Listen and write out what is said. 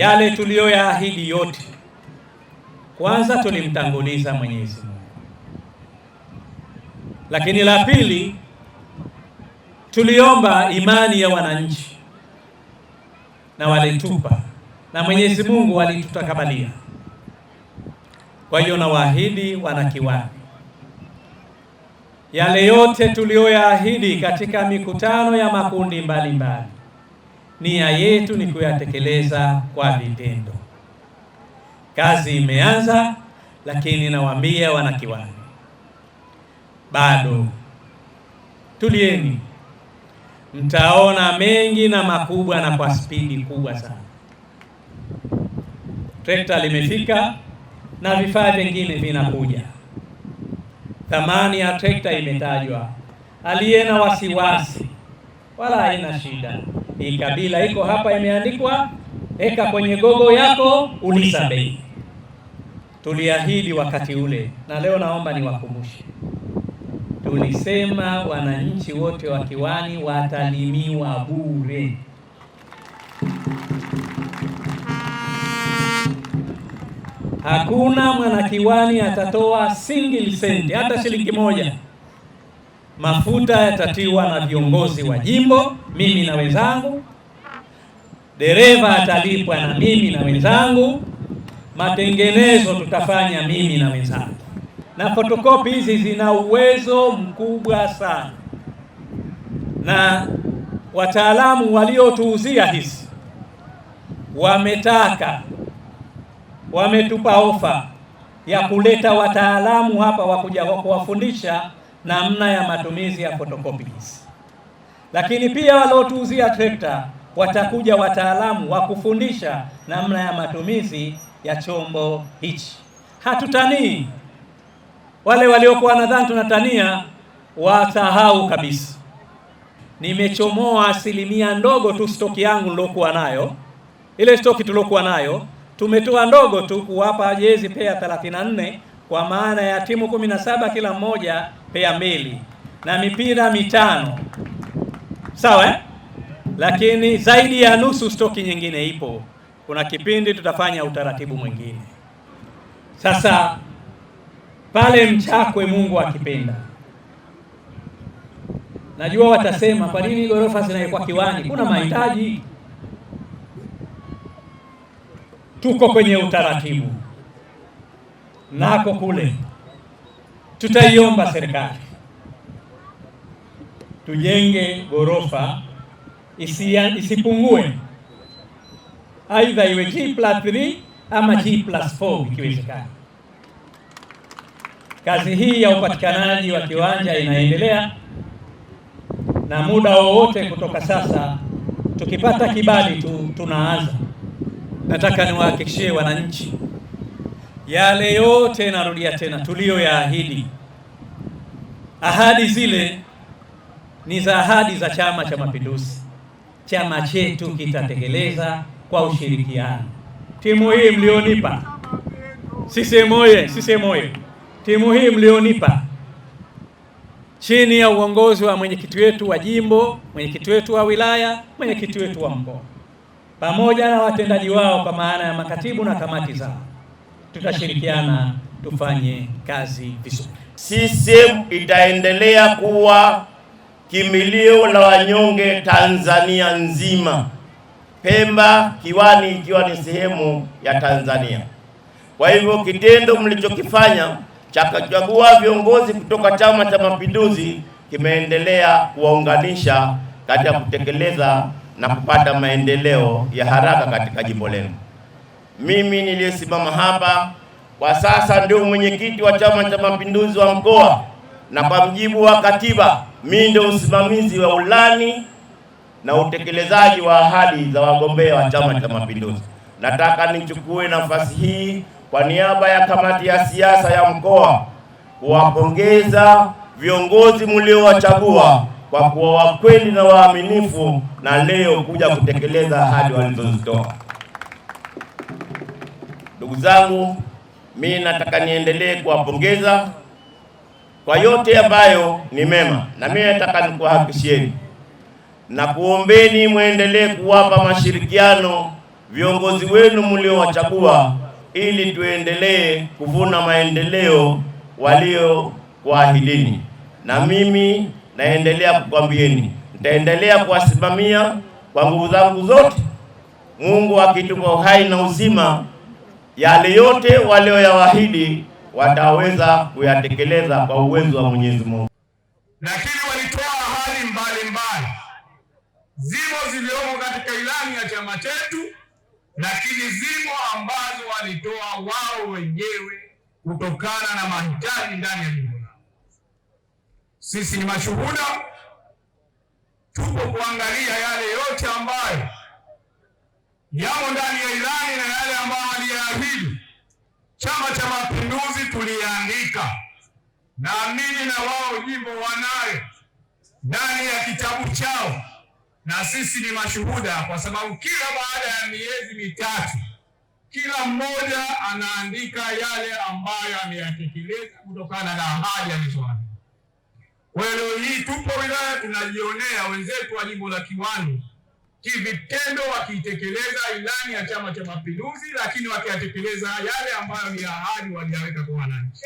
yale tuliyoyaahidi yote. Kwanza tulimtanguliza Mwenyezi Mungu, lakini la pili tuliomba imani ya wananchi na walitupa, na Mwenyezi Mungu alitutakabalia. Kwa hiyo nawaahidi wanakiwani yale yote tuliyoyaahidi katika mikutano ya makundi mbalimbali mbali nia yetu ni kuyatekeleza kwa vitendo. Kazi imeanza, lakini nawaambia wanakiwani, bado tulieni, mtaona mengi na makubwa na kwa spidi kubwa sana. Trekta limefika na vifaa vingine vinakuja. Thamani ya trekta imetajwa, aliye na wasiwasi wala haina shida. Hii kabila iko hapa, imeandikwa eka kwenye gogo yako, uliza bei. Tuliahidi wakati ule, na leo naomba niwakumbushe, tulisema wananchi wote wa Kiwani watalimiwa bure. Hakuna mwanakiwani atatoa single cent, hata shilingi moja. Mafuta yatatiwa na viongozi wa jimbo mimi na wenzangu, dereva atalipwa na mimi na wenzangu, matengenezo tutafanya mimi na wenzangu, na fotokopi hizi zina uwezo mkubwa sana, na wataalamu waliotuuzia hizi wametaka wametupa ofa ya kuleta wataalamu hapa wa kuja kuwafundisha namna ya matumizi ya fotokopi hizi lakini pia waliotuuzia trekta watakuja wataalamu wa kufundisha namna ya matumizi ya chombo hichi. Hatutanii, wale waliokuwa nadhani tunatania wasahau kabisa. Nimechomoa asilimia ndogo tu stoki yangu nilokuwa nayo, ile stoki tuliokuwa nayo tumetoa ndogo tu kuwapa jezi pea 34 kwa maana ya timu 17 kila mmoja pea mbili na mipira mitano sawa eh? Lakini zaidi ya nusu stoki nyingine ipo. Kuna kipindi tutafanya utaratibu mwingine. Sasa pale Mchakwe, Mungu akipenda, najua watasema kwa nini ghorofa zinawekwa kiwani? Kuna mahitaji. Tuko kwenye utaratibu nako kule tutaiomba serikali tujenge ghorofa isipungue, aidha iwe G plus 3 ama G plus 4 ikiwezekana. Kazi hii ya upatikanaji wa kiwanja inaendelea na muda wowote kutoka sasa, tukipata kibali tu tunaanza. Nataka niwahakikishie wananchi yale yote, narudia tena, tuliyoyaahidi, ahadi zile ni za ahadi za Chama cha Mapinduzi. Chama chetu kitatekeleza kwa ushirikiano. Timu hii mlionipa CCM oye! CCM oye! Timu hii mlionipa chini ya uongozi wa mwenyekiti wetu wa jimbo, mwenyekiti wetu wa wilaya, mwenyekiti wetu wa mkoa, pamoja na watendaji wao kwa maana ya makatibu na kamati zao, tutashirikiana tufanye kazi vizuri. CCM itaendelea kuwa kimbilio la wanyonge Tanzania nzima. Pemba Kiwani ikiwa ni sehemu ya Tanzania. Kwa hivyo kitendo mlichokifanya cha kuchagua viongozi kutoka Chama cha Mapinduzi kimeendelea kuwaunganisha katika kutekeleza na kupata maendeleo ya haraka katika jimbo lenu. Mimi niliyesimama hapa kwa sasa ndio mwenyekiti wa Chama cha Mapinduzi wa mkoa, na kwa mjibu wa katiba mimi ndio msimamizi wa ulani na utekelezaji wa ahadi za wagombea wa Chama cha Mapinduzi. Nataka nichukue nafasi hii kwa niaba ya kamati ya siasa ya mkoa kuwapongeza viongozi mliowachagua kwa kuwa wakweli na waaminifu na leo kuja kutekeleza ahadi walizozitoa. Ndugu zangu, mimi nataka niendelee kuwapongeza kwa yote ambayo ni mema, na mimi nataka nikuhakikishieni na kuombeni mwendelee kuwapa mashirikiano viongozi wenu mliowachagua, ili tuendelee kuvuna maendeleo waliokuahidini. Na mimi naendelea kukwambieni, nitaendelea kuwasimamia kwa nguvu zangu zote, Mungu akitupa uhai na uzima, yale yote walioyawaahidi wataweza kuyatekeleza kwa uwezo wa Mwenyezi Mungu. Lakini walitoa ahadi mbalimbali, zimo ziliomo katika ilani ya chama chetu, lakini zimo ambazo walitoa wao wenyewe kutokana na mahitaji ndani ya jimbo lao. Sisi ni mashuhuda, tupo kuangalia yale yote ambayo yamo ndani ya ilani na yale ambayo ya Chama cha Mapinduzi tuliandika, naamini na wao jimbo wanayo ndani ya kitabu chao, na sisi ni mashuhuda, kwa sababu kila baada ya miezi mitatu kila mmoja anaandika yale ambayo ameyatekeleza kutokana na ahadi alizoahidi. Kwa hiyo leo hii tupo wilaya tunajionea wenzetu wa jimbo la Kiwani kivitendo wakiitekeleza ilani ya Chama cha Mapinduzi, lakini wakiyatekeleza yale ambayo ni ahadi waliyaweka kwa wananchi.